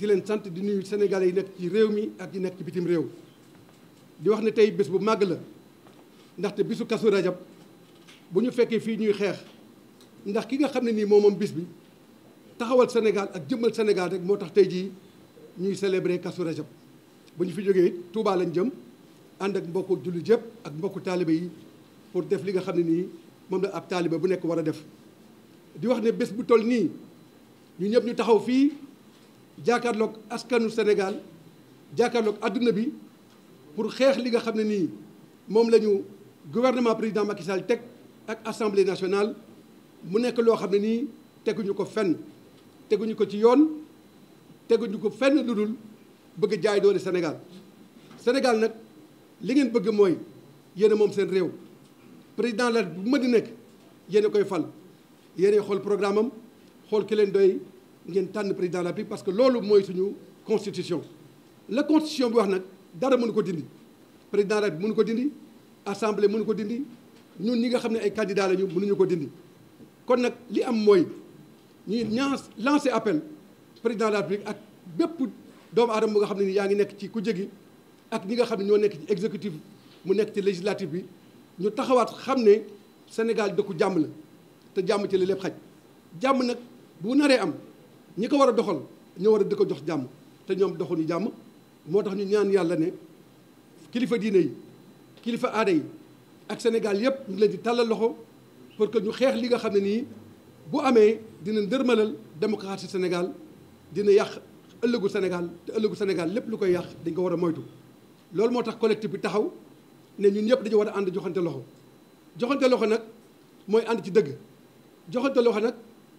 di leen sant di nuyu sénégalais yi nek ci réew mi ak di nek ci bitim réew di wax ne tey bés bu mag la ndaxte bisu kasu rajab bu ñu fekkee fii ñuy xeex ndax ki nga xam ne nii moom bis bi taxawal Sénégal ak jëmmal Sénégal rek moo tax tey jii ñuy célébrer kasu rajab bu ñu fi jógee Touba lañ jëm ànd ak mbokku jullit yëpp ak mbokku taalibe yi pour def li nga xam ne nii moom la ab taalibe bu nekk war a def di wax ne bés bu toll nii ñu ñëpp ñu taxaw fii jàkkaarloog askanu Sénégal jàkkaarloog àdduna bi pour xeex li nga xam ne nii moom la ñu gouvernement président Macky teg ak assemblée nationale mu nekk loo xam ne nii teguñu ko fenn teguñu ko ci yoon teguñu ko fenn lu dul bëgg jaay doole Sénégal Sénégal nag li ngeen bëgg mooy yéen moom seen réew président la bu ma di nekk yéen koy fal yéen xool programme am xool ki leen doy. ngeen tànn président de la République parce que loolu mooy suñu constitution la constitution bi wax nag dara mënu ko dindi président de la République mënu ko dindi assemblée mënu ko dindi ñun ñi nga xam ne ay candidats lañu mënuñu ko dindi kon nag li am mooy ñuy ñaas lancer appel président de la République ak bépp doomu aadama bu nga xam ne yaa ngi nekk ci ku jegi ak ñi nga xam ne ñoo nekk ci exécutif mu nekk ci législatif bi ñu taxawaat xam ne Sénégal dëkku jàmm la te jàmm ci la lépp xaj jàmm nag bu naree am ñi ko war doxal ñoo wara diko di jox jàmm te ñoom doxuñu jàmm motax ñu ñaan yàlla ne kilifa diine yi kilifa aade yi ak Sénégal yëpp ñu leen di talal loxo pour que ñu xex li nga xamne ni bu amé dina ndërmalal démocratie Sénégal dina yàq ëllëgu Sénégal te ëllëgu Sénégal lépp lu koy yàq dañ ko wara moytu. lool motax collectif bi taxaw ne ñun ñëpp dañu wara ànd joxante loxo joxante loxo nak moy ànd ci dëgg joxante loxo nak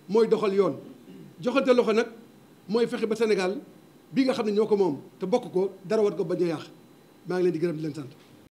moy doxal yoon. joxante loxo nag mooy fexe ba Sénégal bi nga xam ne ñoo ko moom te bokk ko dara war ko bañ a yàq maa ngi leen di gërëm di leen sant.